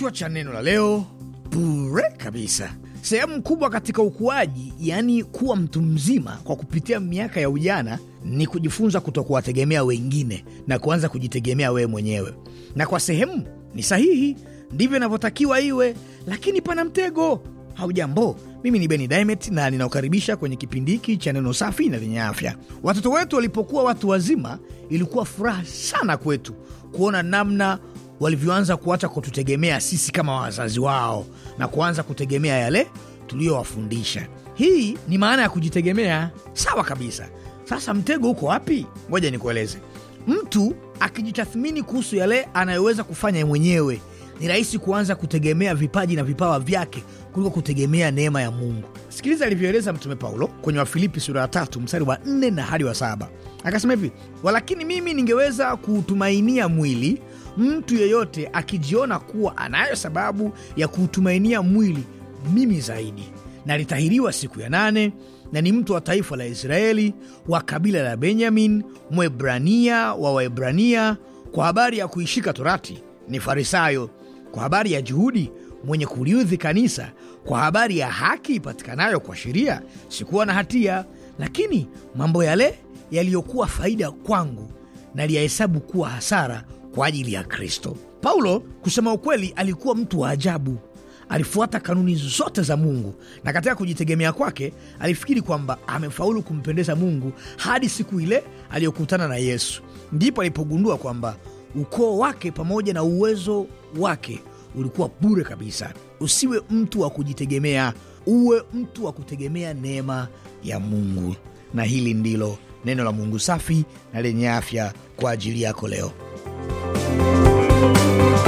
Kichwa cha neno la leo bure kabisa. Sehemu kubwa katika ukuaji, yaani kuwa mtu mzima kwa kupitia miaka ya ujana, ni kujifunza kutokuwategemea wengine na kuanza kujitegemea wewe mwenyewe. Na kwa sehemu ni sahihi, ndivyo inavyotakiwa iwe, lakini pana mtego. Haujambo, mimi ni Beni Dimet na ninaokaribisha kwenye kipindi hiki cha neno safi na lenye afya. Watoto wetu walipokuwa watu wazima, ilikuwa furaha sana kwetu kuona namna walivyoanza kuacha kututegemea sisi kama wazazi wao na kuanza kutegemea yale tuliyowafundisha. Hii ni maana ya kujitegemea. Sawa kabisa. Sasa mtego uko wapi? Ngoja nikueleze. Mtu akijitathmini kuhusu yale anayoweza kufanya mwenyewe, ni rahisi kuanza kutegemea vipaji na vipawa vyake kuliko kutegemea neema ya Mungu. Sikiliza alivyoeleza Mtume Paulo kwenye Wafilipi sura ya tatu mstari wa nne na hadi wa saba. Akasema hivi, walakini mimi ningeweza kuutumainia mwili mtu yeyote akijiona kuwa anayo sababu ya kuutumainia mwili mimi zaidi, na alitahiriwa siku ya nane, na ni mtu wa taifa la Israeli, wa kabila la Benyamin, Mwebrania wa Waebrania, kwa habari ya kuishika Torati ni Farisayo, kwa habari ya juhudi mwenye kuliudhi kanisa, kwa habari ya haki ipatikanayo kwa sheria sikuwa na hatia, lakini mambo yale yaliyokuwa faida kwangu naliyahesabu kuwa hasara kwa ajili ya Kristo. Paulo, kusema ukweli, alikuwa mtu wa ajabu. Alifuata kanuni zote za Mungu na katika kujitegemea kwake alifikiri kwamba amefaulu kumpendeza Mungu hadi siku ile aliyokutana na Yesu. Ndipo alipogundua kwamba ukoo wake pamoja na uwezo wake ulikuwa bure kabisa. Usiwe mtu wa kujitegemea, uwe mtu wa kutegemea neema ya Mungu. Na hili ndilo neno la Mungu safi na lenye afya kwa ajili yako leo. Thank you.